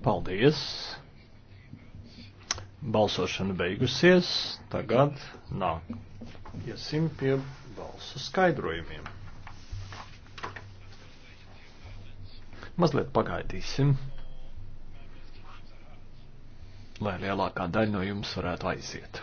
Paldies! Balsošana beigusies, tagad nāk. Iesim pie balsu skaidrojumiem. Mazliet pagaidīsim, lai lielākā daļa no jums varētu aiziet.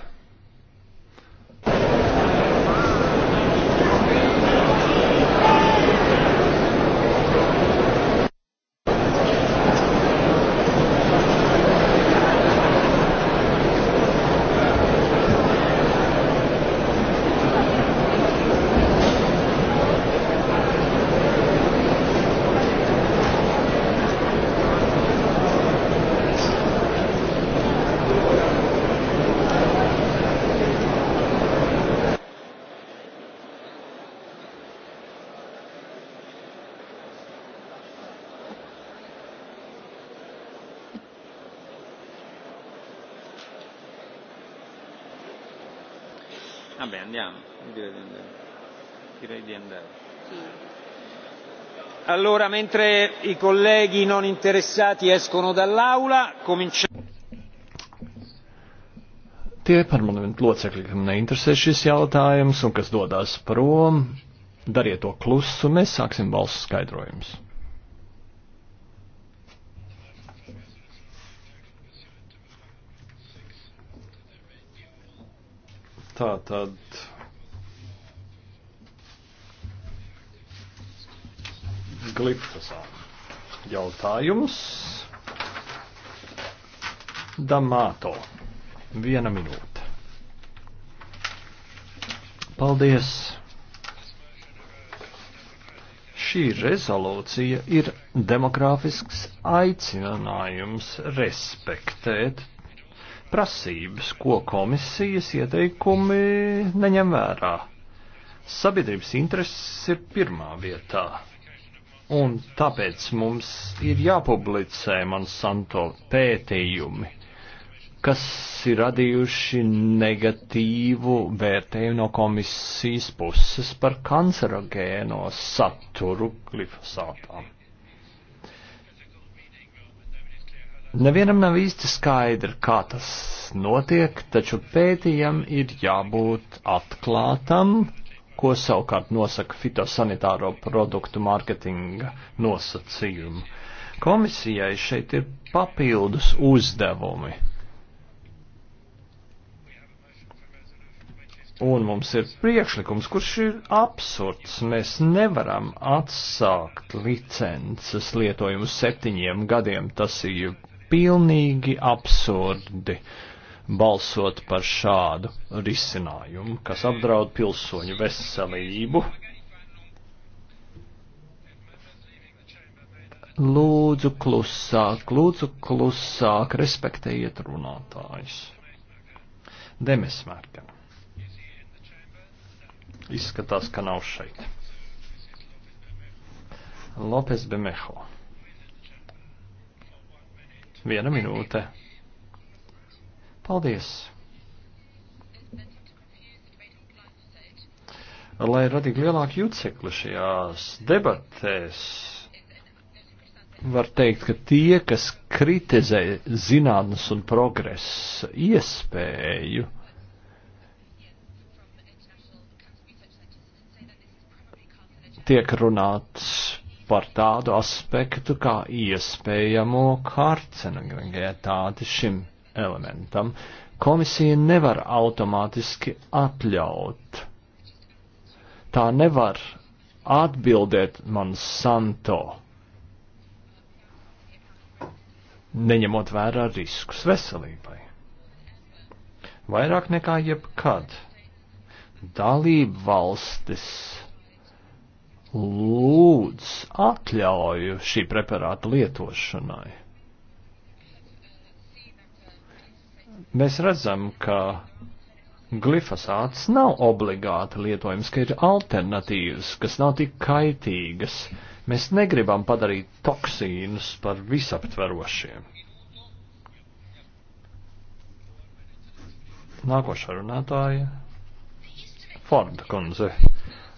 Andiamo, direi di andare. Direi di andare. Sì. Allora, mentre i colleghi non interessati escono dall'aula, cominciamo. Tie parlamentu locekļi, kam neinteresē šis jautājums un kas dodas prom, dariet to klusu, mēs sāksim balsu skaidrojumus. Tā tad. Glifosāta jautājums. Damāto. Viena minūte. Paldies! Šī rezolūcija ir demokrāfisks aicinājums respektēt prasības, ko komisijas ieteikumi neņem vērā. Sabiedrības intereses ir pirmā vietā. Un tāpēc mums ir jāpublicē Monsanto pētījumi, kas ir radījuši negatīvu vērtējumu no komisijas puses par kancerogēno saturu glifosātām. Nevienam nav īsti skaidri, kā tas notiek, taču pētījam ir jābūt atklātam, ko savukārt nosaka fitosanitāro produktu mārketinga nosacījumi. Komisijai šeit ir papildus uzdevumi. Un mums ir priekšlikums, kurš ir absurds. Mēs nevaram atsākt licences lietojumu septiņiem gadiem. Tas ir pilnīgi absurdi balsot par šādu risinājumu, kas apdraud pilsoņu veselību. Lūdzu klusāk, lūdzu klusāk, respektējiet runātājus. Demes Mērķa. Izskatās, ka nav šeit. Lopes Bemeho. Viena minūte. Paldies! Lai radītu lielāku jūtsekli šajās debatēs, var teikt, ka tie, kas kritizē zinātnes un progresa iespēju, tiek runāts par tādu aspektu kā iespējamo karcenogētāti šim elementam. Komisija nevar automātiski atļaut. Tā nevar atbildēt man santo, neņemot vērā riskus veselībai. Vairāk nekā jebkad dalību valstis lūdz atļauju šī preparāta lietošanai. Mēs redzam, ka glifosāts nav obligāti lietojams, ka ir alternatīvas, kas nav tik kaitīgas. Mēs negribam padarīt toksīnus par visaptverošiem. Nākošā runātāja - Forda kundze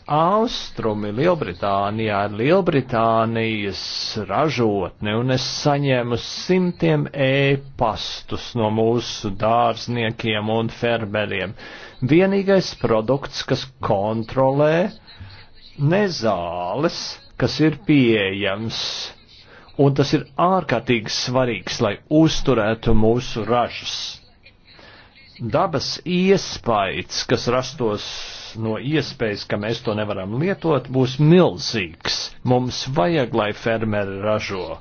austrumi Lielbritānijā ir Lielbritānijas ražotne, un es saņēmu simtiem ēpastus e no mūsu dārzniekiem un fermeriem. Vienīgais produkts, kas kontrolē nezāles, kas ir pieejams, un tas ir ārkārtīgi svarīgs, lai uzturētu mūsu ražas. Dabas iespējas, kas rastos no iespējas, ka mēs to nevaram lietot, būs milzīgs. Mums vajag, lai fermeri ražo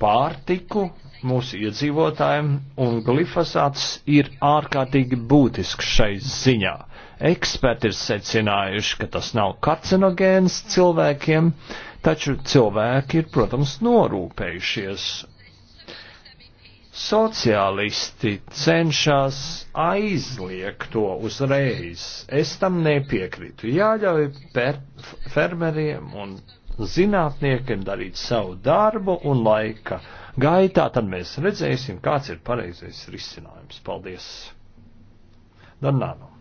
pārtiku mūsu iedzīvotājiem, un glifosāts ir ārkārtīgi būtisks šai ziņā. Eksperti ir secinājuši, ka tas nav karcinogēns cilvēkiem, taču cilvēki ir, protams, norūpējušies Sociālisti cenšas aizliegt to uzreiz. Es tam nepiekrītu. Jāļauj per, fermeriem un zinātniekiem darīt savu darbu un laika gaitā, tad mēs redzēsim, kāds ir pareizais risinājums. Paldies! Danāno!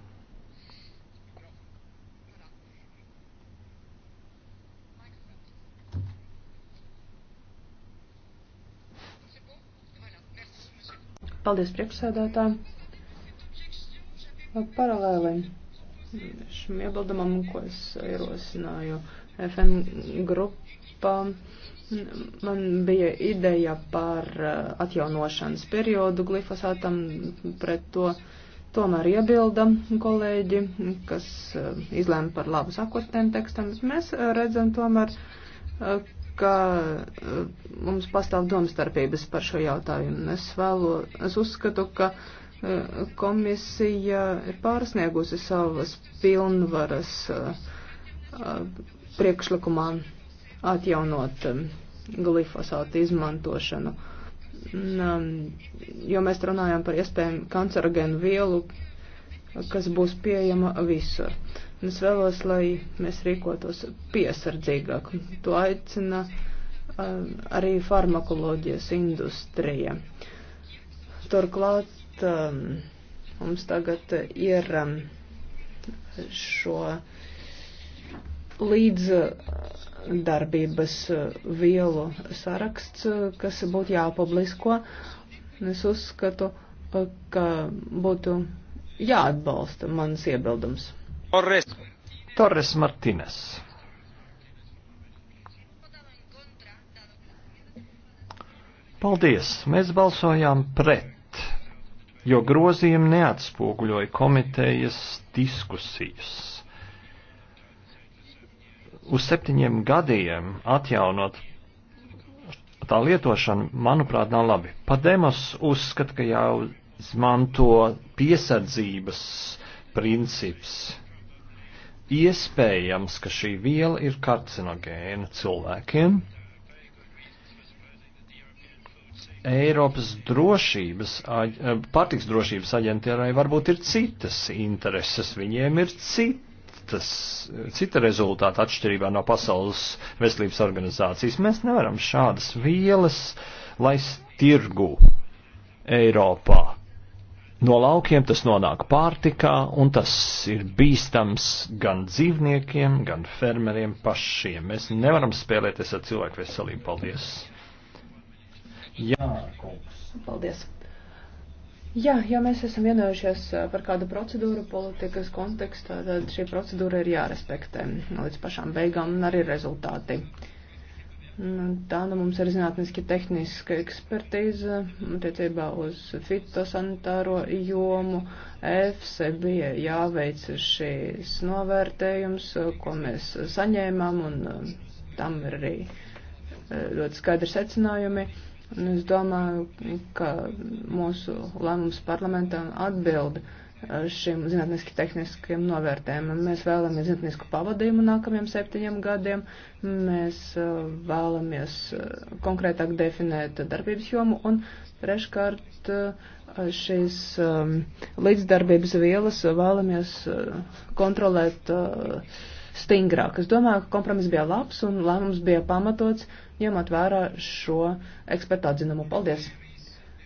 Paldies priekšsēdētājiem. Paralēli šim iebildumam, ko es ierosināju FN grupā, man bija ideja par uh, atjaunošanas periodu glifosātam pret to. Tomēr iebilda kolēģi, kas uh, izlēma par labu sakotnēm tekstam. Mēs uh, redzam tomēr, ka eh, mums pastāv domstarpības par šo jautājumu. Es, vēlo, es uzskatu, ka eh, komisija ir pārsniegusi savas pilnvaras eh, priekšlikumā atjaunot glifosātu izmantošanu. Jo mēs runājam par iespējumu kancerogēnu vielu, kas būs pieejama visur. Un es vēlos, lai mēs rīkotos piesardzīgāk. To aicina arī farmakoloģijas industrija. Turklāt mums tagad ir šo līdzdarbības vielu saraksts, kas būtu jāpublisko. Es uzskatu, ka būtu jāatbalsta manas iebildums. Torres, Torres Martines. Paldies! Mēs balsojām pret, jo grozījumi neatspoguļoja komitejas diskusijas. Uz septiņiem gadiem atjaunot tā lietošanu, manuprāt, nav labi. Pademos uzskata, ka jau jāizmanto piesardzības princips. Iespējams, ka šī viela ir karcinogēna cilvēkiem. Eiropas drošības, eh, pārtiks drošības aģentūrai varbūt ir citas intereses, viņiem ir citas, cita rezultāta atšķirībā no Pasaules veselības organizācijas. Mēs nevaram šādas vielas laist tirgu Eiropā. No laukiem tas nonāk pārtikā, un tas ir bīstams gan dzīvniekiem, gan fermeriem pašiem. Mēs nevaram spēlēties ar cilvēku veselību. Paldies! Jā, kungs. Paldies! Jā, ja mēs esam vienojušies par kādu procedūru politikas kontekstā, tad šī procedūra ir jārespektē līdz pašām beigām un arī rezultāti. Nu, tā nu mums ir zinātniski tehniska ekspertīze attiecībā uz fitosanitāro jomu. EFSE bija jāveic šīs novērtējums, ko mēs saņēmām, un um, tam ir arī uh, ļoti skaidri secinājumi. Un es domāju, ka mūsu lēmums parlamentam atbildi šim zinātniski tehniskajam novērtējumam. Mēs vēlamies zinātnisku pavadījumu nākamajiem septiņiem gadiem, mēs uh, vēlamies uh, konkrētāk definēt darbības jomu un treškārt uh, šīs um, līdzdarbības vielas vēlamies kontrolēt stingrāk. Es domāju, ka kompromiss bija labs un lēmums bija pamatots, ņemot vērā šo ekspertu atzinumu. Paldies!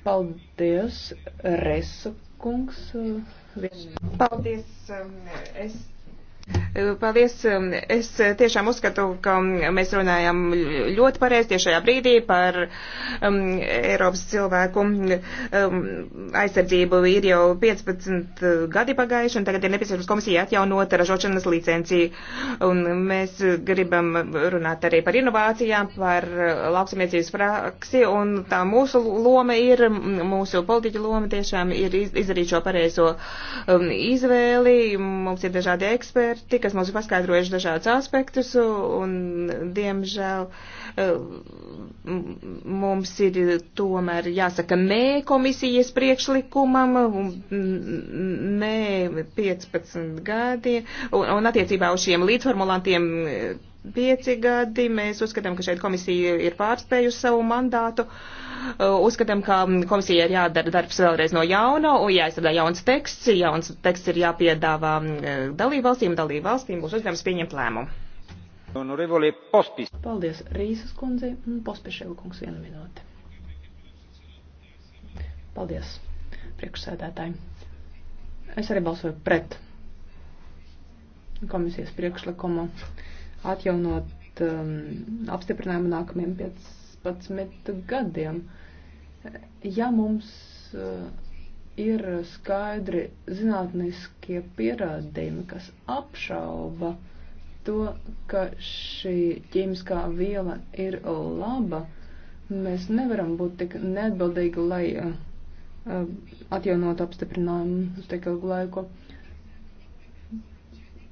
Paldies, Resa kungs! Paldies! Um, es Paldies. Es tiešām uzskatu, ka mēs runājam ļoti pareizi tiešajā brīdī par um, Eiropas cilvēku um, aizsardzību. Ir jau 15 gadi pagājuši, un tagad ir nepieciešams komisija atjaunot ražošanas licenciju. Un mēs gribam runāt arī par inovācijām, par lauksamniecības praksi, un tā mūsu loma ir, mūsu politiķu loma tiešām ir izdarīt šo pareizo um, izvēli. Mums ir dažādi eksperti eksperti, kas mums ir paskaidrojuši dažādus aspektus, un, diemžēl, mums ir tomēr jāsaka nē komisijas priekšlikumam, nē 15 gadiem, un, un attiecībā uz šiem līdzformulantiem pieci gadi. Mēs uzskatām, ka šeit komisija ir pārspējusi savu mandātu. Uh, uzskatām, ka komisija ir jādara darbs vēlreiz no jauna, un jāizstrādā jauns teksts. Jauns teksts ir jāpiedāvā uh, dalībvalstīm, dalībvalstīm būs uzdevums pieņemt lēmumu. Paldies Rīsas kundzei un Pospišēlu kungs vienu minūti. Paldies, priekšsēdētāji. Es arī balsoju pret komisijas priekšlikumu. Uh, atjaunot um, apstiprinājumu nākamajiem 15 gadiem. Ja mums uh, ir skaidri zinātniskie pierādījumi, kas apšauba to, ka šī ķīmiskā viela ir laba, mēs nevaram būt tik neatbildīgi, lai uh, uh atjaunot apstiprinājumu uz tik ilgu laiku. Uh,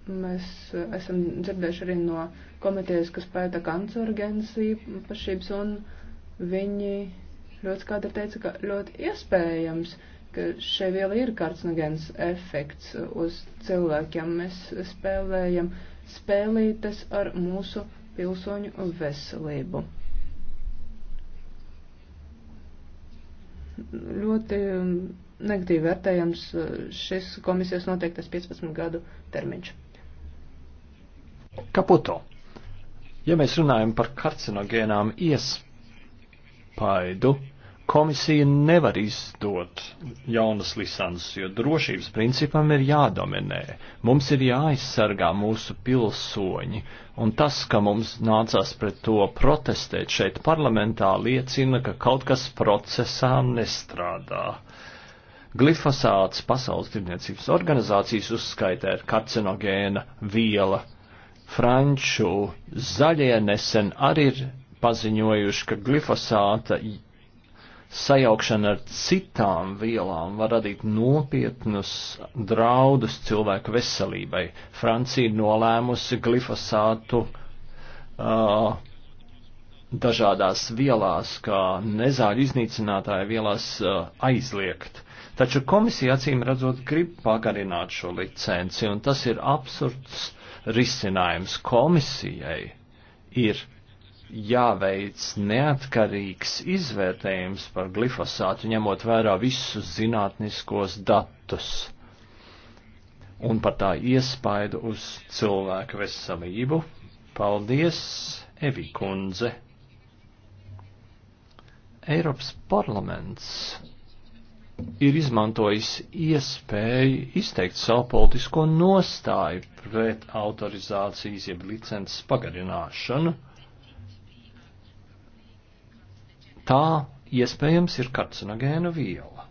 Mēs uh, esam dzirdējuši arī no komitejas, kas pēta kancerogēnas īpašības, un viņi ļoti skaidri teica, ka ļoti iespējams, ka šai vielai ir karcinogēns efekts uz cilvēkiem. Mēs spēlējam spēlītes ar mūsu pilsoņu veselību. Ļoti negatīvi vērtējams uh, šis komisijas noteiktais 15 gadu termiņš. Kaputo. Ja mēs runājam par karcinogēnām iespaidu, komisija nevar izdot jaunas licences, jo drošības principam ir jādominē. Mums ir jāaizsargā mūsu pilsoņi, un tas, ka mums nācās pret to protestēt šeit parlamentā, liecina, ka kaut kas procesā nestrādā. Glifosāts Pasaules tirdzniecības organizācijas uzskaita ir karcinogēna viela Franču zaļie nesen arī ir paziņojuši, ka glifosāta sajaukšana ar citām vielām var radīt nopietnus draudus cilvēku veselībai. Francija nolēmusi glifosātu uh, dažādās vielās, kā nezāļu iznīcinātāju vielās uh, aizliegt. Taču komisija acīm redzot grib pagarināt šo licenci, un tas ir absurds uh, risinājums komisijai ir jāveic neatkarīgs izvērtējums par glifosātu, ņemot vērā visus zinātniskos datus un par tā iespaidu uz cilvēku veselību. Paldies, Evi kundze! Eiropas parlaments ir izmantojis iespēju izteikt savu politisko nostāju pret autorizācijas jeb licences pagarināšanu. Tā iespējams ir karcinogēna viela.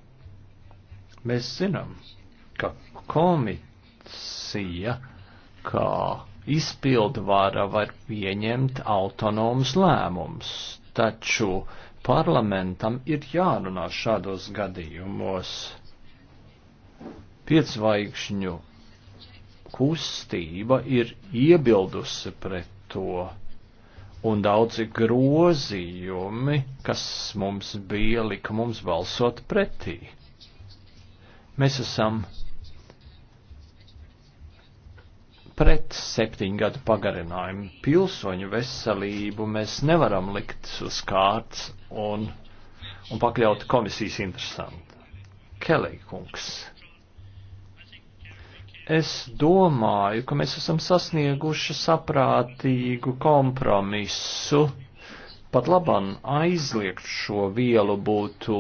Mēs zinām, ka komisija kā izpildvara var pieņemt autonomus lēmumus, taču Parlamentam ir jārunā šādos gadījumos. Piecvaigšņu kustība ir iebildusi pret to, un daudzi grozījumi, kas mums bija, lika mums balsot pretī. Mēs esam pret septiņu gadu pagarinājumu. Pilsoņu veselību mēs nevaram likt uz kārts un, un pakļaut komisijas interesanti. Kelly kungs. Es domāju, ka mēs esam sasnieguši saprātīgu kompromisu. Pat labam aizliegt šo vielu būtu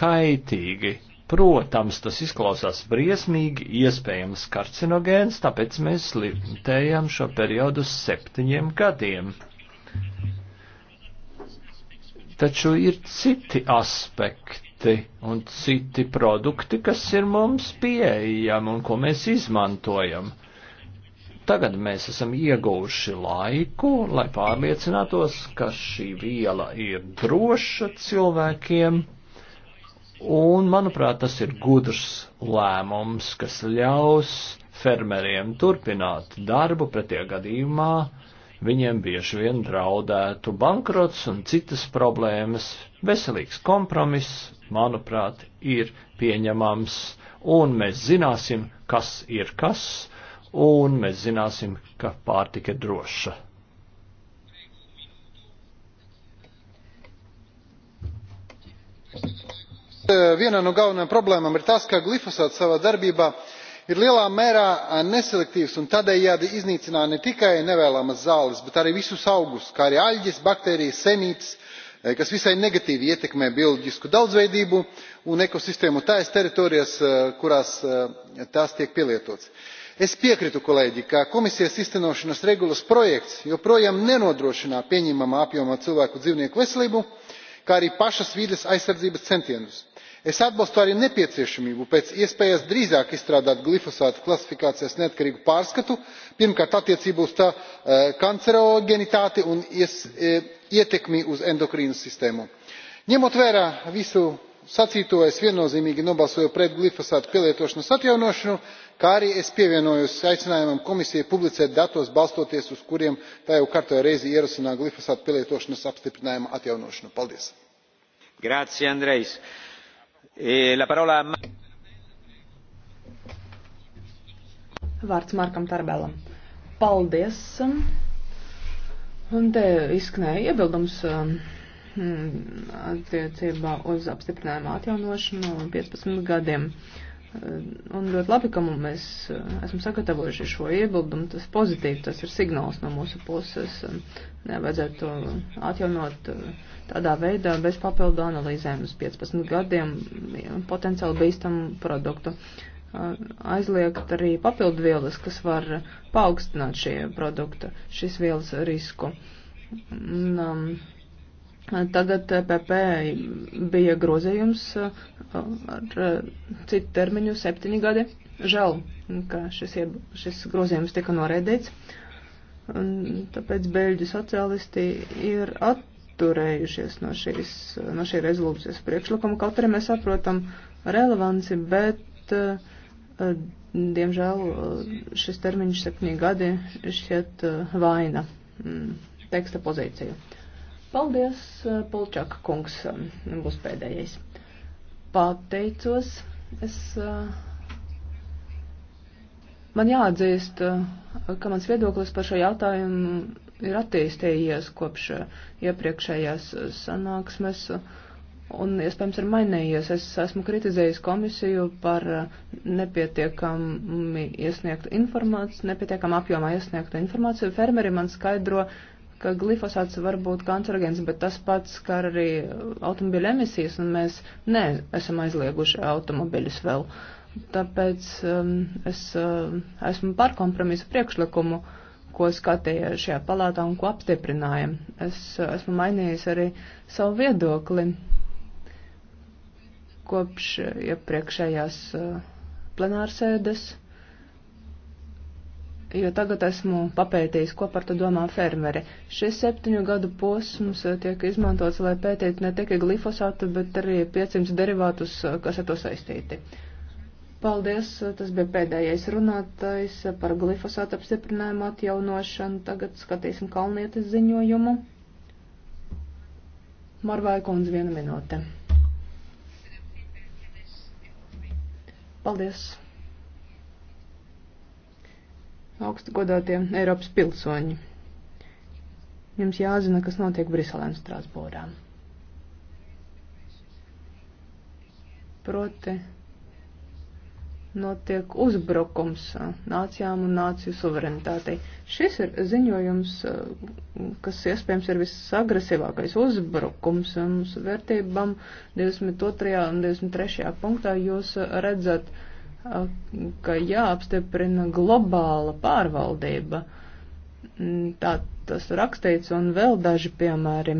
kaitīgi Protams, tas izklausās briesmīgi, iespējams karcinogēns, tāpēc mēs limitējam šo periodu septiņiem gadiem. Taču ir citi aspekti un citi produkti, kas ir mums pieejami un ko mēs izmantojam. Tagad mēs esam ieguvuši laiku, lai pārliecinātos, ka šī viela ir droša cilvēkiem Un, manuprāt, tas ir gudrs lēmums, kas ļaus fermeriem turpināt darbu pretie gadījumā. Viņiem bieži vien draudētu bankrots un citas problēmas. Veselīgs kompromiss, manuprāt, ir pieņemams, un mēs zināsim, kas ir kas, un mēs zināsim, ka pārtika ir droša. Eh, viena no galvenajām problēmām ir tas ka glifosāts savā darbībā ir lielā mērā eh, neselektīvs un tādējādi iznīcina ne tikai nevēlamas zāles bet arī visus augus kā arī aļģes baktērijas senības eh, kas visai negatīvi ietekmē bioloģisko daudzveidību un ekosistēmu tajās teritorijās kurās tas tiek pielietots. es piekrītu kolēģi ka komisijas īstenošanas regulas projekts joprojām nenodrošina pieņemamā apjomā cilvēku un dzīvnieku veselību kā arī pašas vides aizsardzības centienus es atbalstu arī nepieciešamību pēc iespējas drīzāk izstrādāt glifosātu klasifikācijas neatkarīgu pārskatu pirmkārt attiecībā uz tā e, kancerogenitāti un e, ietekmi uz endokrīnu sistēmu. ņemot vērā visu sacīto es viennozīmīgi nobalsoju pret glifosātu pielietošanas atjaunošanu kā arī es pievienojos aicinājumam komisijai publicēt datus balstoties uz kuriem tā jau kārtējo reizi ierosina glifosātu pielietošanas apstiprinājuma atjaunošanu. paldies! E la parola... Vārds Markam Tarbelam. Paldies. Un te izskanēja iebildums um, mm, attiecībā uz apstiprinājumu atjaunošanu 15 gadiem. Uh, Eh, un ļoti labi, ka mēs eh, esam sagatavojuši šo iebildumu. Tas pozitīvi, tas ir signāls no mūsu puses. Eh, nevajadzētu to atjaunot tādā veidā bez papildu analīzēm uz 15 gadiem potenciāli bīstamu produktu. Aizliegt arī papildu vielas, kas var paaugstināt šie produkta, šis vielas risku. Un, um, Tagad PP bija grozījums uh, ar uh, citu termiņu septiņi gadi. Žēl, ka šis, ieb, šis grozījums tika noraidīts. Tāpēc beļģi sociālisti ir atturējušies no, šīs, no šī rezolūcijas priekšlikuma. Kaut arī mēs saprotam relevanci, bet, uh, diemžēl, šis termiņš septiņi gadi šķiet vaina mm, teksta pozīciju. Paldies, eh, Polčaka kungs, eh, būs pēdējais. Pateicos, es. Eh, man jāatzīst, ka mans viedoklis par šo jautājumu ir attīstījies kopš iepriekšējās sanāksmes un iespējams ir mainījies. Es esmu kritizējis komisiju par nepietiekami iesniegtu informāciju, nepietiekam apjomā iesniegtu informāciju. Fermeri man skaidro, ka glifosāts var būt kancerogēns, bet tas pats skar arī automobiļu emisijas, un mēs ne, esam aizlieguši automobiļus vēl. Tāpēc um, es uh, esmu par kompromisu priekšlikumu, ko skatīja šajā palātā un ko apstiprināja. Es uh, esmu mainījis arī savu viedokli kopš iepriekšējās uh, plenārsēdes jo tagad esmu papētījis, ko par to domā fermeri. Šis septiņu gadu posms eh, tiek izmantots, lai pētītu ne tikai glifosātu, bet arī 500 derivātus, eh, kas ar to saistīti. Paldies, eh, tas bija pēdējais runātais par glifosātu apstiprinājumu atjaunošanu. Tagad skatīsim Kalnietes ziņojumu. Marvāja kundze, viena minūte. Paldies augstu godātie Eiropas pilsoņi. Jums jāzina, kas notiek Briselē un Strasbūrā. Proti notiek uzbrukums nācijām un nāciju suverenitātei. Šis ir ziņojums, kas iespējams ir visagresīvākais uzbrukums mums vērtībām. 22. un 23. punktā jūs redzat ka jāapstiprina globāla pārvaldība. Tā tas rakstīts un vēl daži piemēri.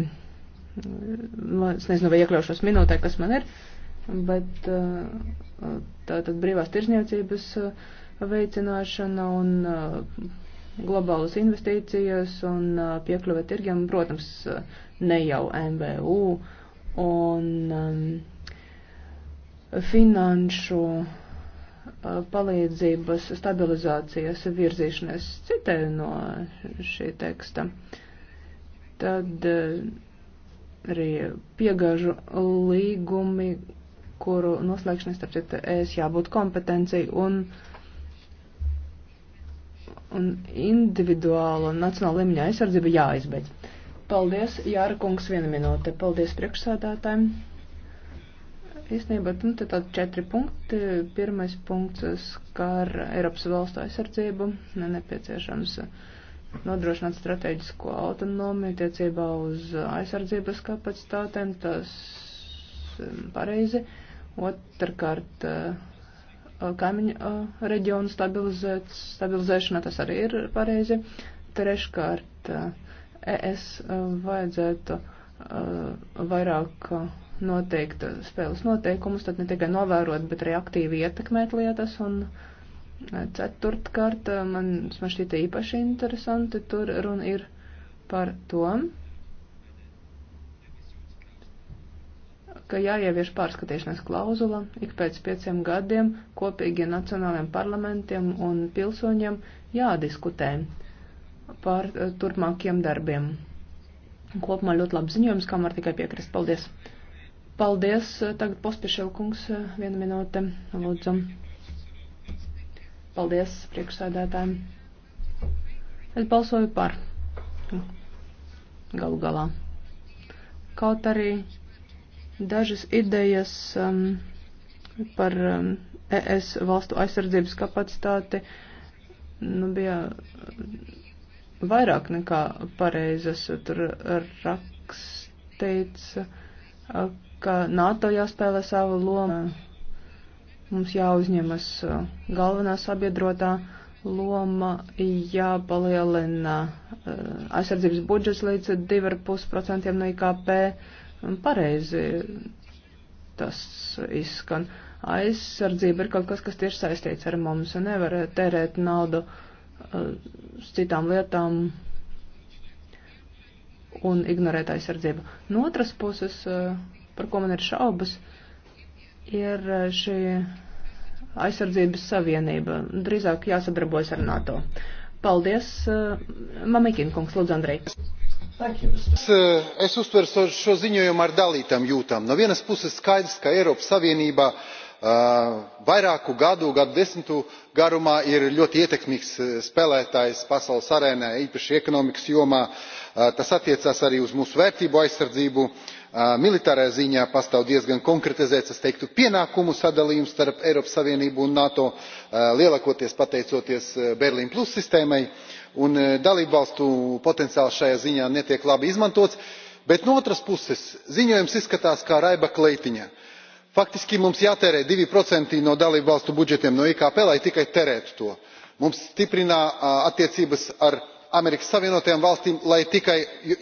Es nezinu, vai iekļaušos minūtē, kas man ir, bet uh, tā tad brīvās tirzniecības uh, veicināšana un uh, globālas investīcijas un piekļuve tirgiem, protams, ne jau MVU un um, finanšu uh, palīdzības stabilizācijas virzīšanas, citēju no šī teksta, tad arī piegāžu līgumi, kuru noslēgšanai starp citu es jābūt kompetencija un, un individuāla un nacionāla līmeņa aizsardzība jāizbeidz. Paldies, Jāra kungs, viena minūte. Paldies priekšsādātājiem. Īstenībā nu, tad tādi četri punkti. Pirmais punkts skar Eiropas valstu aizsardzību, ne nepieciešams nodrošināt strateģisko autonomiju tiecībā uz aizsardzības kapacitātēm, tas um, pareizi. Otrkārt, uh, kaimiņu uh, reģionu stabilizēšana, tas arī ir pareizi. Treškārt, uh, ES vajadzētu vairāk noteikta spēles noteikumus, tad ne tikai novērot, bet arī aktīvi ietekmēt lietas. Un eh, ceturtkārt, eh, man, man šķiet īpaši interesanti, tur runa ir par to, ka jāievieš pārskatīšanas klauzula ik pēc pieciem gadiem kopīgiem nacionāliem parlamentiem un pilsoņiem jādiskutē par eh, turpmākiem darbiem. Kopumā ļoti labs ziņojums, kam var tikai piekrist. Paldies! Paldies. Tagad pospiešau kungs vienu minūte. Lūdzu. Paldies priekšsēdētājiem. Es balsoju par. Galu galā. Kaut arī dažas idejas um, par um, ES valstu aizsardzības kapacitāti nu, bija vairāk nekā pareizas. Tur rakstīts, uh, ka NATO jāspēlē savu lomu, mums jāuzņemas uh, galvenā sabiedrotā loma, jāpalielina uh, aizsardzības budžets līdz 2,5% no IKP. Pareizi tas izskan. Aizsardzība ir kaut kas, kas tieši saistīts ar mums un nevar tērēt naudu uh, uz citām lietām un ignorēt aizsardzību. No otras puses, uh, par ko man ir šaubas, ir eh, šī aizsardzības savienība. Drīzāk jāsadarbojas ar NATO. Paldies, eh, Mamikina kungs, lūdzu, Andrei. Eh, es uztveru šo ziņojumu ar dalītām jūtām. No vienas puses skaidrs, ka Eiropas Savienībā uh, vairāku gadu, gadu desmitu garumā ir ļoti ietekmīgs spēlētājs pasaules arēnā, īpaši ekonomikas jomā. Uh, tas attiecās arī uz mūsu vērtību aizsardzību. Uh, militārā ziņā pastāv diezgan konkretizēts es teiktu pienākumu sadalījums starp eiropas savienību un nato lielākoties pateicoties berlīnes plus sistēmai un dalībvalstu potenciāls šajā ziņā netiek labi izmantots bet no otras puses ziņojums izskatās kā raiba kleitiņa. faktiski mums jātērē divi procenti no dalībvalstu budžetiem no ikp lai tikai terētu to. mums jāstiprina attiecības ar amerikas savienotajām valstīm lai tikai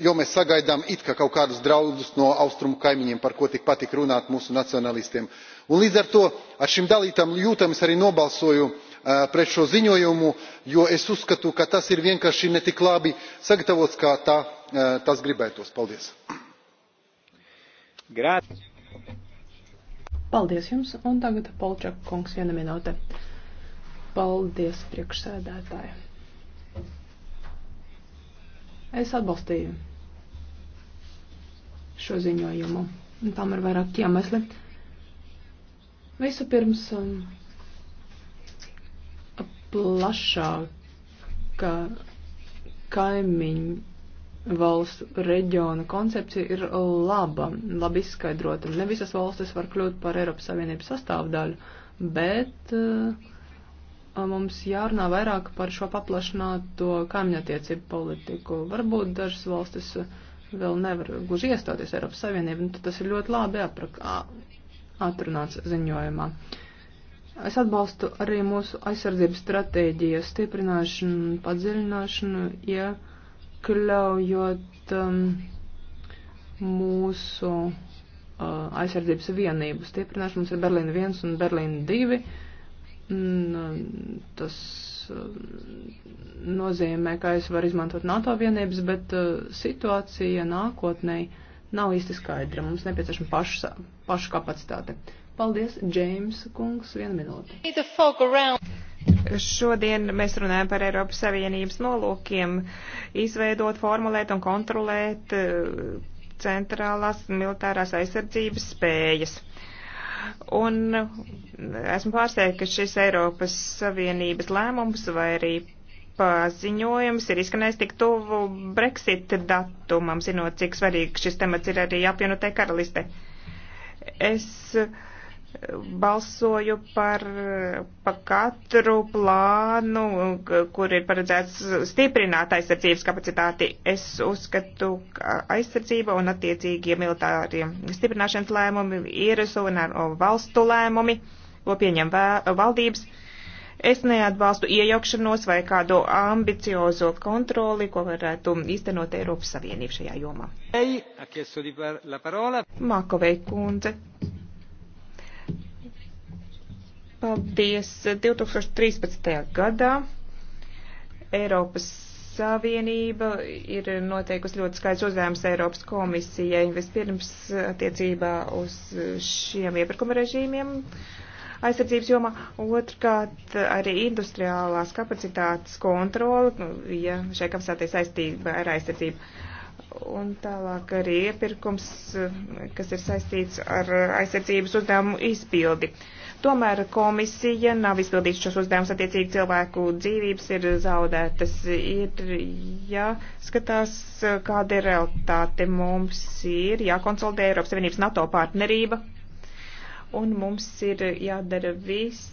jo mēs sagaidām it kā kaut kādus draudus no austrumu kaimiņiem par ko tik patīk runāt mūsu nacionalistiem. līdz ar to ar šīm dalītām jūtām es arī nobalsoju pret šo ziņojumu jo es uzskatu ka tas ir vienkārši ne tik labi sagatavots kā tas gribētos. paldies! Paldies jums, un tagad Polčak kungs viena minūte. Paldies, priekšsēdētāji. Es atbalstīju šo ziņojumu. Un tam ir vairāk iemesli. Vispirms um, plašāka kaimiņu valstu reģiona koncepcija ir laba, labi izskaidrota. Ne visas valstis var kļūt par Eiropas Savienības sastāvdaļu, bet uh, mums jārunā vairāk par šo paplašināto kaimiņattiecību politiku. Varbūt dažas valstis vēl nevar gluži iestāties Eiropas Savienībā, un nu, tas ir ļoti labi aprak atrunāts ziņojumā. Es atbalstu arī mūsu aizsardzības stratēģijas stiprināšanu, padziļināšanu, iekļaujot um, mūsu uh, aizsardzības vienību stiprināšanu. Mums ir Berlīna 1 un Berlīna 2. Uh, Nu, tas um, nozīmē, ka es varu izmantot NATO vienības, bet uh, situācija nākotnē nav īsti skaidra. Mums nepieciešama paša, paša kapacitāte. Paldies, Džeims kungs, viena minūte. Šodien mēs runājam par Eiropas Savienības nolūkiem izveidot, formulēt un kontrolēt uh, centrālās militārās aizsardzības spējas. Uh, Un esmu pārsteigta, ka šis Eiropas Savienības lēmums vai arī paziņojums ir izskanējis tik tuvu Brexit datumam, zinot, cik svarīgi šis temats ir arī apvienotai karalistei. Es uh, balsoju par, par katru plānu, kur ir paredzēts stiprināt aizsardzības kapacitāti. Es uzskatu, ka aizsardzība un attiecīgie militārie stiprināšanas lēmumi ir suverēno valstu lēmumi, ko pieņem valdības. Es neatbalstu iejaukšanos vai kādu ambiciozo kontroli, ko varētu īstenot Eiropas Savienība šajā jomā. Makovei kundze. Paldies. 2013. gadā Eiropas Savienība ir noteikusi ļoti skaidrs uzdevums Eiropas komisijai. Vispirms attiecībā uz šiem iepirkuma režīmiem aizsardzības jomā, otrkārt arī industriālās kapacitātes kontrola, nu, ja šai kapacitātei saistība ar aizsardzību. Un tālāk arī iepirkums, kas ir saistīts ar aizsardzības uzdevumu izpildi. Uh, Tomēr komisija nav izpildījusi šos uzdevumus, attiecīgi cilvēku dzīvības ir zaudētas. Ir jāskatās, kāda ir realitāte mums ir, jākonsolidē Eiropas Savienības NATO partnerība. Un mums ir jādara viss,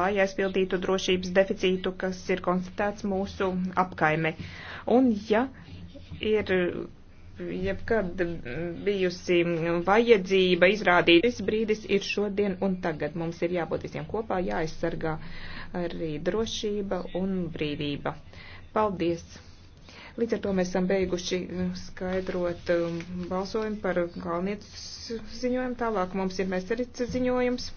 lai aizpildītu drošības deficītu, kas ir konstatēts mūsu apkaime. Un ja ir jebkad bijusi vajadzība izrādīt. Šis brīdis ir šodien un tagad. Mums ir jābūt visiem kopā, jāaizsargā arī drošība un brīvība. Paldies! Līdz ar to mēs esam beiguši skaidrot um, balsojumu par galvnieces ziņojumu. Tālāk mums ir mēsarīts ziņojums.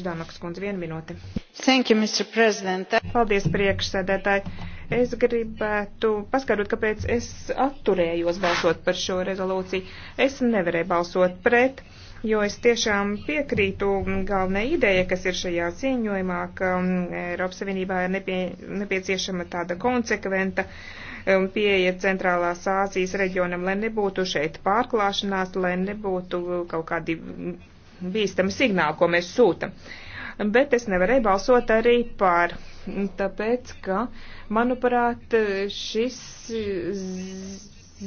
Ždanoks kundze, viena minūte. Thank you, Mr. President. Paldies, priekšsēdētāji Es gribētu paskaidrot, kāpēc es atturējos balsot par šo rezolūciju. Es nevarēju balsot pret, jo es tiešām piekrītu galvenai ideja, kas ir šajā ziņojumā, ka um, Eiropas Savienībā ir nepie, nepieciešama tāda konsekventa um, pieeja centrālās Āzijas reģionam, lai nebūtu šeit pārklāšanās, lai nebūtu kaut kādi bīstami signāli, ko mēs sūtam. Uh, bet es nevarēju balsot arī par, tāpēc, ka, manuprāt, šis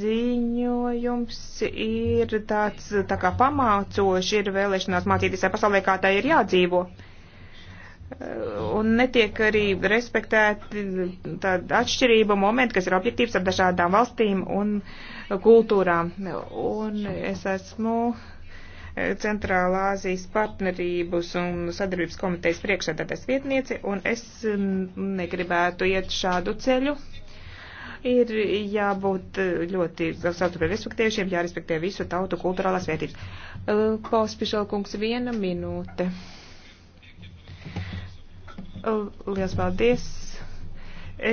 ziņojums ir tāds tā kā pamācoši, ir vēlēšanās mācīties pasaulē, kā tā ir jādzīvo. Un netiek arī respektēti tāda atšķirība momenti, kas ir objektīvs ar dažādām valstīm un kultūrām. Un es esmu Centrālā Azijas partnerības un sadarbības komitejas priekšsēdētājs vietniece, un es mm, negribētu iet šādu ceļu. Ir jābūt eh, ļoti savstarpēji respektējušiem, jārespektē visu tautu kulturālās vērtības. Eh, Pauspišalkungs, viena minūte. Eh, Lielas paldies.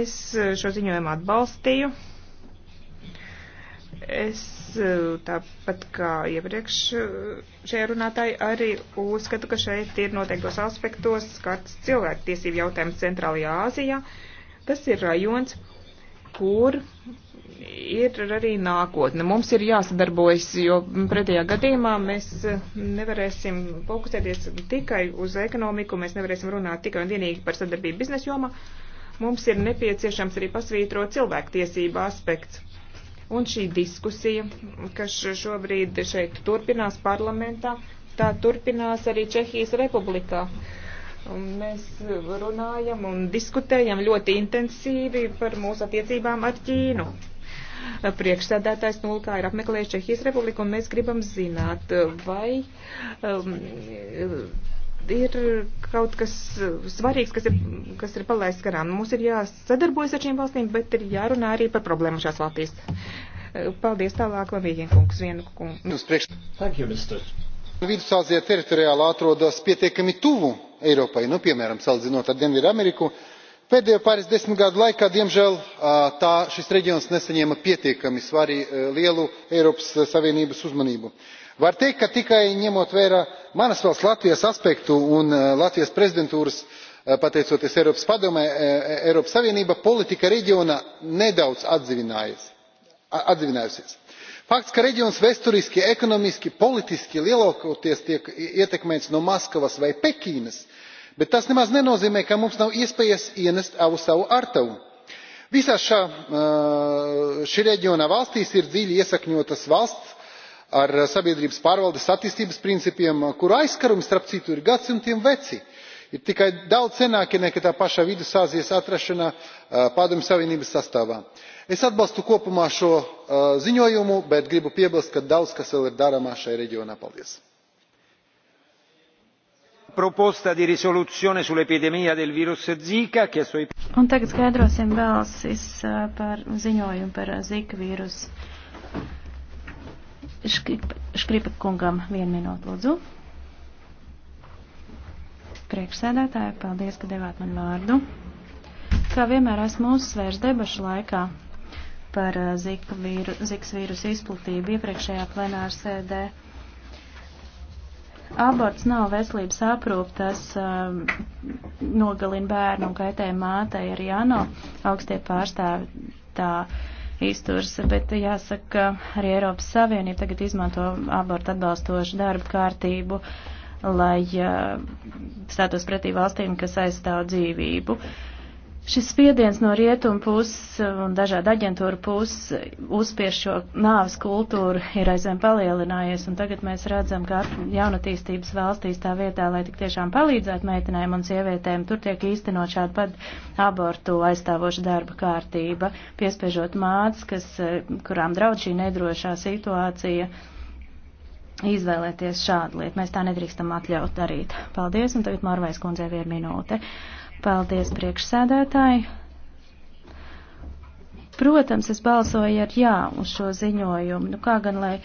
Es šo ziņojumu atbalstīju. Es Eh, tāpat kā iepriekš eh, šie runātāji, arī uzskatu, ka šeit ir noteiktos aspektos skarts cilvēktiesību jautājums Centrālajā Āzijā. Tas ir rajons, kur ir arī nākotne. Mums ir jāsadarbojas, jo pretējā gadījumā mēs eh, nevarēsim fokusēties tikai uz ekonomiku, mēs nevarēsim runāt tikai un vienīgi par sadarbību biznesa jomā. Mums ir nepieciešams arī pasvītrot cilvēktiesību aspekts Un šī diskusija, kas šobrīd šeit turpinās parlamentā, tā turpinās arī Čehijas republikā. Un mēs runājam un diskutējam ļoti intensīvi par mūsu attiecībām ar Ķīnu. Priekšsēdētājs Nulkā ir apmeklējis Čehijas republiku, un mēs gribam zināt, vai um, ir kaut kas svarīgs, kas ir, kas ir palaists garām. Mums ir jāsadarbojas ar šīm valstīm, bet ir jārunā arī par problēmu šās valstīs. Paldies tālāk, Lavīgien kungs, vienu kungu. Thank you, Mr. Vidusāzija teritoriāli atrodas pietiekami tuvu Eiropai, nu, piemēram, salīdzinot ar Dienvidu Ameriku. Pēdējo pāris desmit gadu laikā, diemžēl, tā, šis reģions nesaņēma pietiekami svarī, lielu Eiropas Savienības uzmanību var teikt ka tikai ņemot vērā manas valsts latvijas aspektu un eh, latvijas prezidentūras eh, pateicoties eiropas padomei eh, eiropas savienības politika reģionā nedaudz atdzīvinājusies. fakts ka reģions vēsturiski ekonomiski politiski lielākoties tiek ietekmēts no maskavas vai pekinas bet tas nemaz nenozīmē ka mums nav iespējas ienest savu artavu. visās šī reģiona valstīs ir dziļi iesakņotas valsts ar eh, sabiedrības pārvaldes attīstības principiem eh, kuru aizkarumi starp citu ir gadsimtiem veci ir tikai daudz senāki nekā tā paša vidusāzijas atrašana eh, padomju savienības sastāvā. es atbalstu kopumā šo ziņojumu bet gribu piebilst ka daudz kas vēl ir darāms šajā reģionā. paldies! proposta di risoluzione sull'epidemia del virus Zika. Un tagad skaidrosim vēl par ziņojumu par Zika vīrusu. Škripa, škripa kungam vienu minūtu lūdzu. Priekšsēdētāji, paldies, ka devāt man vārdu. Kā vienmēr esmu uzsvērs debašu laikā par uh, zika vīru, zikas vīrusu izplatību iepriekšējā plenāra sēdē. Aborts nav veselības aprūp, tas um, nogalina bērnu un kaitē mātei arī ANO augstie pārstāvi tā. Uh, izturs, bet jāsaka, ka arī Eiropas Savienība tagad izmanto abortu atbalstošu darbu kārtību, lai uh, stātos pretī valstīm, kas aizstāv dzīvību. Uh, Šis spiediens no rietumu puses un dažādu aģentūru puses uzspiež šo nāves kultūru ir aizvien palielinājies, un tagad mēs redzam, ka jaunatīstības valstīs tā vietā, lai tik tiešām palīdzētu meitenēm un sievietēm, tur tiek īstenot šāda pat abortu aizstāvoša darba kārtība, piespiežot mātes, kas, eh, kurām draud šī nedrošā situācija, izvēlēties šādu lietu. Mēs tā nedrīkstam atļaut darīt. Paldies, un tagad Marvais kundzei vienu minūte. Uh, Paldies, priekšsēdētāji! Protams, es balsoju ar jā uz šo ziņojumu. Nu, kā gan lai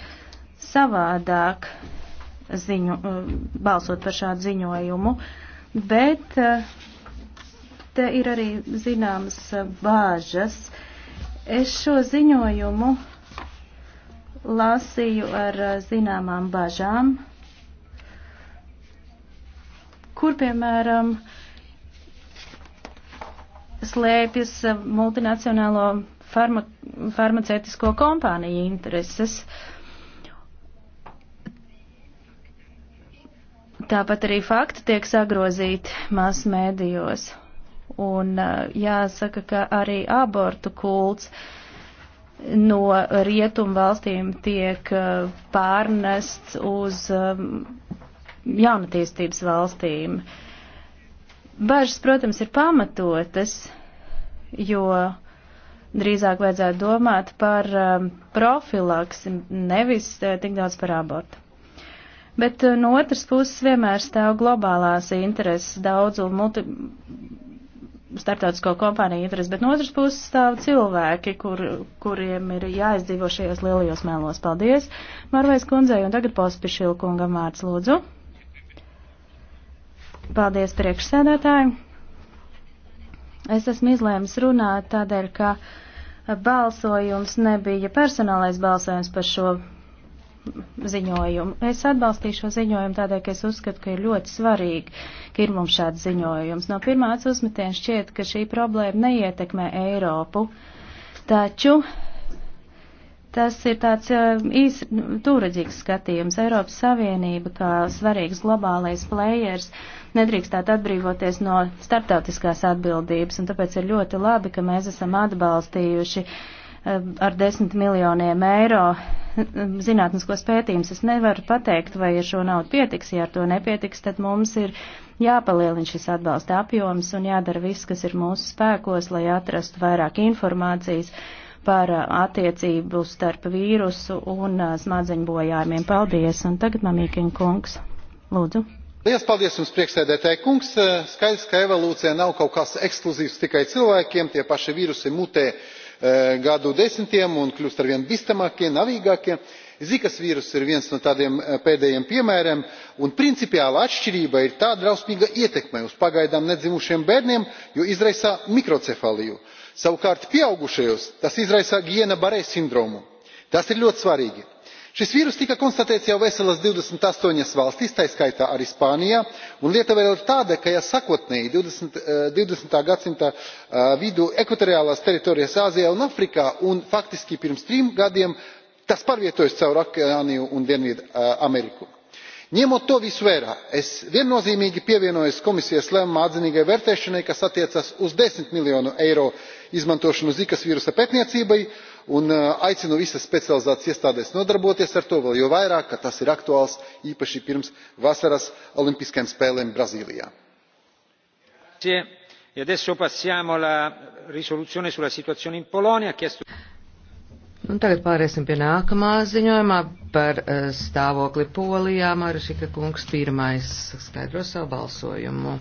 savādāk ziņu, eh, balsot par šādu ziņojumu, bet eh, te ir arī zināmas eh, bāžas. Es šo ziņojumu lasīju ar zināmām bažām, kur, piemēram, uh, slēpjas multinacionālo farma, farmaceitisko kompāniju intereses. Tāpat arī fakti tiek sagrozīti mass mēdījos. Un jāsaka, ka arī abortu kults no rietumu valstīm tiek pārnests uz jaunatīstības valstīm. Bažas, protams, ir pamatotas, jo drīzāk vajadzētu domāt par um, profilaksi, nevis uh, tik daudz par abortu. Bet uh, no otras puses vienmēr stāv globālās intereses daudzu multi starptautisko kompāniju intereses, bet no otras puses stāv cilvēki, kur, kuriem ir jāizdzīvo šajos lielajos mēlos. Paldies, Marvais kundzei, un tagad pospišilu kungam vārds lūdzu. Paldies priekšsēdētāji. Es esmu izlēmis runāt tādēļ, ka balsojums nebija personālais balsojums par šo ziņojumu. Es atbalstīšu šo ziņojumu tādēļ, ka es uzskatu, ka ir ļoti svarīgi, ka ir mums šāds ziņojums. No pirmā uzmetiena šķiet, ka šī problēma neietekmē Eiropu, taču Tas ir tāds uh, īs tūredzīgs skatījums. Eiropas Savienība kā svarīgs globālais plējers nedrīkstētu atbrīvoties no starptautiskās atbildības, un tāpēc ir ļoti labi, ka mēs esam atbalstījuši um, ar desmit miljoniem eiro zinātniskos pētījumus. Es nevaru pateikt, vai ar šo naudu pietiks, ja ar to nepietiks, tad mums ir jāpalielina šis atbalsta apjoms un jādara viss, kas ir mūsu spēkos, lai atrastu vairāk informācijas par uh, attiecību starp vīrusu un uh, smadzeņu bojājumiem. Paldies! Un tagad mamīkiņa kungs. Lūdzu. Liels paldies jums, priekšsēdētāji kungs! Uh, skaidrs, ka evolūcija nav kaut kas ekskluzīvs tikai cilvēkiem, tie paši vīrusi mutē gadu desmitiem un kļūst arvien bīstamākie, navīgākie. Zikas vīruss ir viens no tādiem pēdējiem piemēriem, un principiāla atšķirība ir tā drausmīga ietekme uz pagaidām nedzimušiem bērniem, jo izraisa mikrocefaliju savukārt pieaugušajos tas izraisa guillain barre sindromu. tas ir ļoti svarīgi. šis vīrus tika konstatēts jau veselas divdesmit astoņās valstīs tā skaitā arī spānijā un lietuvā vēl tāda ka ja sākotnēji eh, divdesmitā gadsimta eh, vidū ekvatoriālās teritorijas āzijā un afrikā un faktiski pirms trim gadiem tas pārvietojās caur okeāniju un dienvidu eh, ameriku ņemot to visu vērā es viennozīmīgi pievienojos komisijas lēmuma atzinīgai vērtēšanai kas attiecas uz desmit miljonu eiro izmantošanu zikas vīrusa pētniecībai un uh, aicinu visas specializētās iestādes nodarboties ar to vēl jo vairāk ka tas ir aktuāls īpaši pirms vasaras olimpiskajām spēlēm brazīlijā. E paldies! Un tagad pāriesim pie nākamā ziņojumā par eh, stāvokli Polijā. Marašika kungs pirmais skaidro savu balsojumu.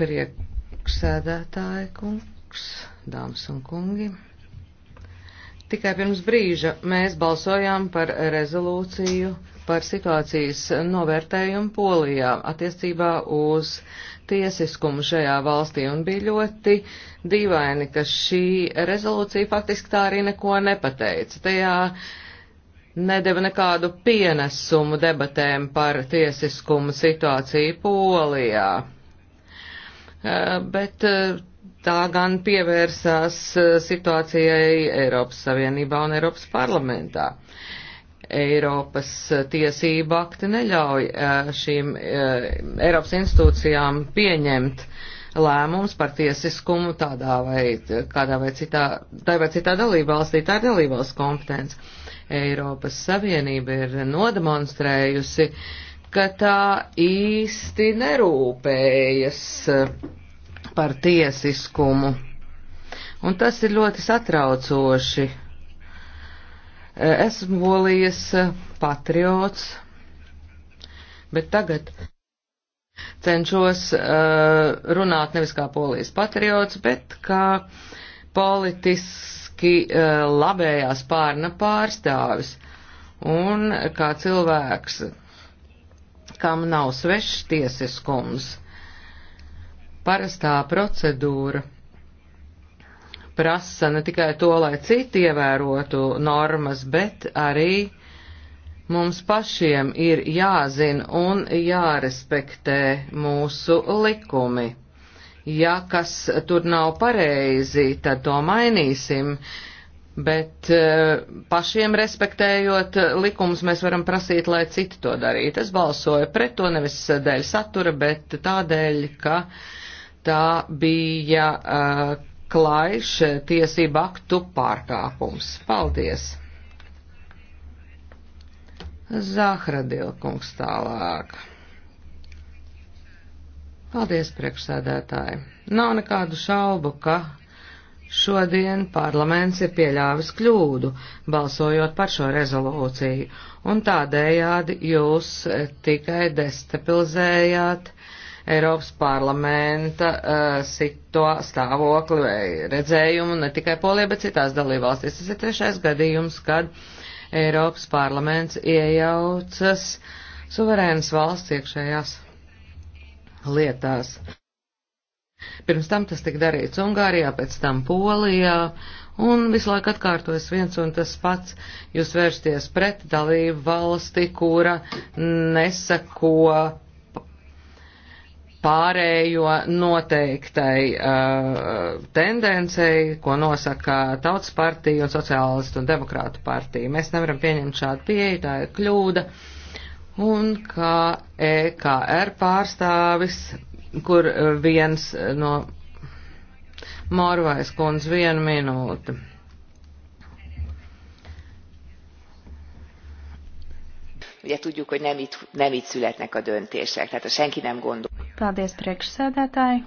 Prieksēdētāja kungs, dāmas un kungi. Tikai pirms brīža mēs balsojām par rezolūciju par situācijas novērtējumu Polijā attiecībā uz uh, tiesiskumu šajā valstī, un bija ļoti dīvaini, ka šī rezolūcija faktiski tā arī neko nepateica. Tajā nedeva nekādu pienesumu debatēm par tiesiskumu situāciju Polijā. Eh, bet eh, tā gan pievērsās eh, situācijai Eiropas Savienībā un Eiropas parlamentā. Uh, Eiropas tiesība akti neļauj šīm Eiropas institūcijām pieņemt lēmums par tiesiskumu tādā vai, kādā vai citā, tā vai citā dalībvalstī, tā ir dalībvalsts kompetence. Eiropas Savienība ir nodemonstrējusi, ka tā īsti nerūpējas par tiesiskumu. Un tas ir ļoti satraucoši Esmu Polijas e, patriots, bet tagad cenšos e, runāt nevis kā Polijas patriots, bet kā politiski e, labējās pārna pārstāvis. Un kā cilvēks, kam nav svešs tiesiskums, parastā procedūra prasa ne tikai to, lai citi ievērotu normas, bet arī mums pašiem ir jāzina un jārespektē mūsu likumi. Ja kas tur nav pareizi, tad to mainīsim. Bet e, pašiem respektējot likumus, mēs varam prasīt, lai citi to darītu. Es balsoju pret to nevis dēļ satura, bet tādēļ, ka tā bija uh, klājš tiesību aktu pārkāpums. Paldies! Zahradilkungs tālāk. Paldies, priekšsēdētāji. Nav nekādu šaubu, ka šodien parlaments ir pieļāvis kļūdu, balsojot par šo rezolūciju, un tādējādi jūs tikai destabilizējāt uh, Eiropas parlamenta uh, sito stāvokli vai redzējumu ne tikai Polijā, bet citās dalībvalstīs. Tas ir trešais gadījums, kad Eiropas parlaments iejaucas suverēnas valsts iekšējās lietās. Pirms tam tas tika darīts Ungārijā, pēc tam Polijā, un visu laiku atkārtojas viens un tas pats. Jūs vērsties pret dalību valsti, kura nesako pārējo noteiktai uh, tendencei, ko nosaka Tautas partija un Sociālistu un Demokrātu partija. Mēs nevaram pieņemt šādu pieeju, tā ir kļūda. Un kā EKR pārstāvis, kur viens no Morvais kundz vienu minūti. Ugye tudjuk, hogy nem itt, nem itt születnek a döntések, tehát senki nem gondol. Paldies priekšsēdētāji.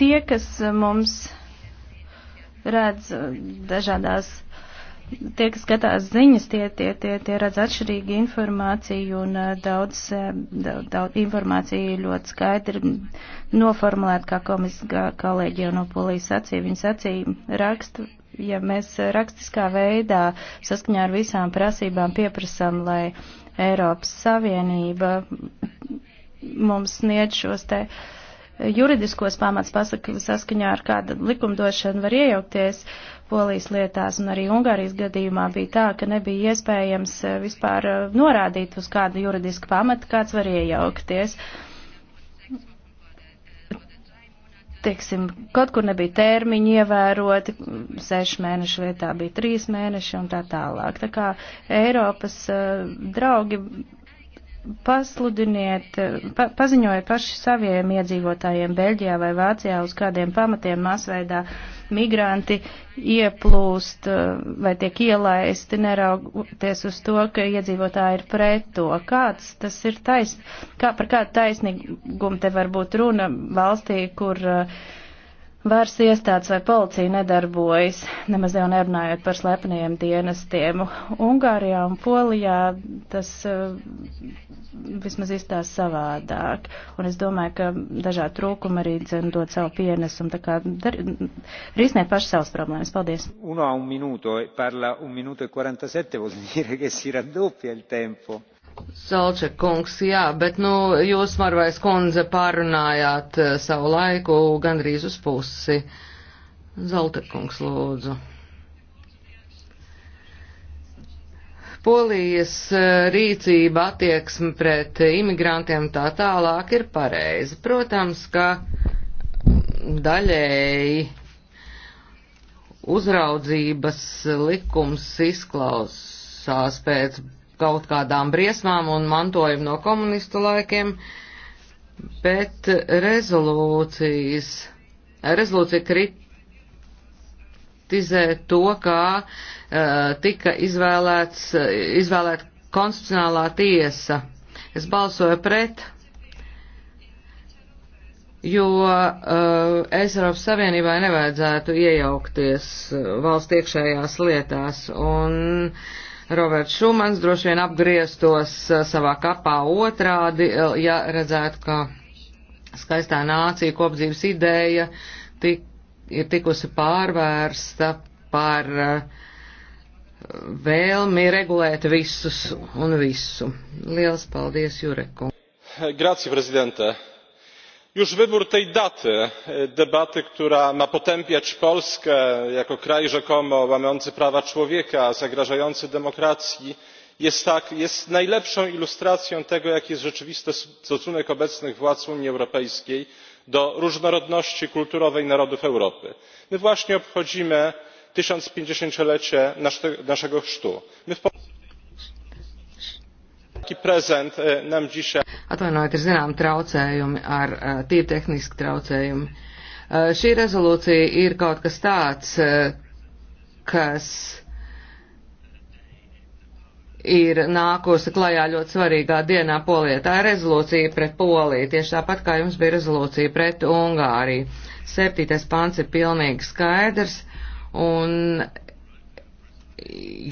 Tie, kas mums redz dažādās, tie, kas skatās ziņas, tie, tie, tie, tie redz atšķirīgi informāciju un daudz, daudz, daudz informāciju ļoti skaidri noformulēt, kā komisija kolēģi jau no polijas sacīja. Viņa sacīja rakstu ja mēs rakstiskā veidā saskaņā ar visām prasībām pieprasam, lai Eiropas Savienība mums sniedz šos te juridiskos pamats pasaka, saskaņā ar kādu likumdošanu var iejaukties polijas lietās, un arī Ungārijas gadījumā bija tā, ka nebija iespējams eh, vispār eh, norādīt uz kādu juridisku pamatu, kāds var iejaukties. Uh, teiksim, kaut kur nebija termiņi ievēroti, sešu mēnešu vietā bija trīs mēneši un tā tālāk. Tā kā Eiropas uh, draugi pasludiniet, pa, paziņojiet paši saviem iedzīvotājiem Beļģijā vai Vācijā, uz kādiem pamatiem masveidā migranti ieplūst vai tiek ielaisti, neraugoties uz to, ka iedzīvotāji ir pret to. Kāds tas ir tais, kā, par kādu taisnīgumu te var būt runa valstī, kur uh, Vairs iestādes vai policija nedarbojas, nemaz jau nerunājot par slepeniem dienestiem. Ungārijā un Polijā tas uh, vismaz izstās savādāk. Un es domāju, ka dažādi trūkumi arī dzen dod savu pienesumu. Tā kā dar, risnē paši savas problēmas. Paldies. Uno a un minuto, e parla un minuto e 47, vuol dire che si raddoppia il tempo. Zalče kungs, jā, bet nu jūs, Marvais kundze, pārunājāt eh, savu laiku gandrīz uz pusi. Zalte kungs, lūdzu. Polijas eh, rīcība attieksme pret imigrantiem tā tālāk ir pareiza. Protams, ka daļēji uzraudzības likums izklausās pēc kaut kādām briesmām un mantojumu no komunistu laikiem, bet rezolūcijas, rezolūcija krit, kritizē to, kā uh, eh, tika izvēlēts, eh, izvēlēta konstitucionālā tiesa. Es balsoju pret, jo uh, Eiropas Savienībai nevajadzētu iejaukties valsts iekšējās lietās. Un Roberts Šumans droši vien apgrieztos savā kapā otrādi, ja redzētu, ka skaistā nācija kopdzīves ideja tik ir tikusi pārvērsta par eh, vēlmi regulēt visus un visu. Lielas paldies, Jureku. Grazie, prezidente. Już wybór tej daty, e, debaty, która ma potępiać Polskę jako kraj rzekomo łamiący prawa człowieka, zagrażający demokracji, jest, tak, jest najlepszą ilustracją tego jaki jest rzeczywisty stosunek obecnych władz unii europejskiej do do różnorodności kulturowej narodów europy. my właśnie obchodzimy tysiąc pięćdziesięciolecie naszego chrztu. Taki prezent e, nam dzisiaj. Atvainojiet, ir zinām traucējumi ar e, tīri tehniski traucējumi. E, šī rezolūcija ir kaut kas tāds, kas ir nākusi klajā ļoti svarīgā dienā Polijā. Tā ir rezolūcija pret Poliju, tieši tāpat kā jums bija rezolūcija pret Ungāriju. Septītais pants ir pilnīgi skaidrs, un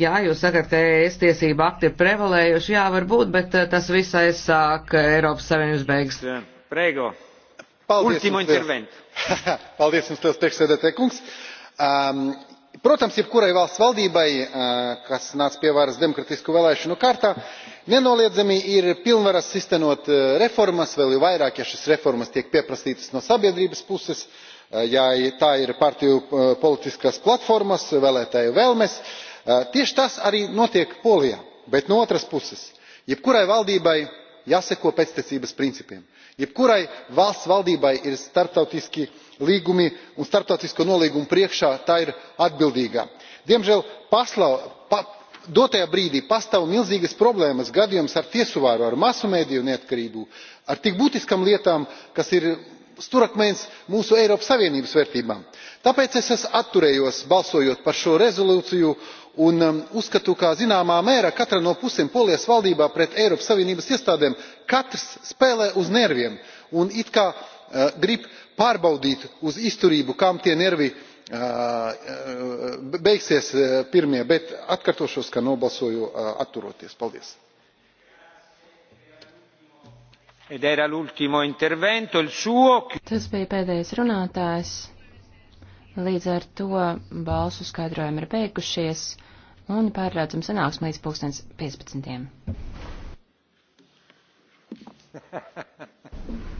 jā, jūs sakat, ka es tiesību akti ir prevalējuši, jā, varbūt, bet eh, tas viss aizsāk eh, Eiropas Savienības beigas. Prego. Paldies Ultimo intervento. Paldies jums, priekšsēdētāj kungs. Um, protams jebkurai valsts valdībai eh, kas nāca pie varas demokrātisku vēlēšanu kārtā nenoliedzami ir pilnvaras īstenot eh, reformas vēl jo vairāk ja šīs reformas tiek pieprasītas no sabiedrības puses eh, ja tā ir partiju politiskās platformas vēlētāju vēlmes. tieši tas arī notiek polijā bet no otras puses jebkurai valdībai jāseko pēctecības principiem jebkurai valsts valdībai ir starptautiski līgumi un starptautisko nolīgumu priekšā tā ir atbildīgā. diemžēl dotajā brīdī pastāv milzīgas problēmas gadījums ar tiesvaru ar masu mediju neatkarību ar tik būtiskām lietām kas ir stūrakmens mūsu eiropas savienības vērtībām. tāpēc es atturējos balsojot par šo rezolūciju un um, uzskatu ka zināmā mērā katra no pusēm polijas valdībā pret eiropas savienības iestādēm katrs spēlē uz nerviem un it kā uh, grib pārbaudīt uz izturību kam tie nervi beigsies pirmie bet atkārtošos ka nobalsoju atturoties. paldies! Tas bija pēdējais runātājs. Līdz ar to balsu skaidrojumi ir beigušies un pārredzam sanāksim līdz pulkstens 15.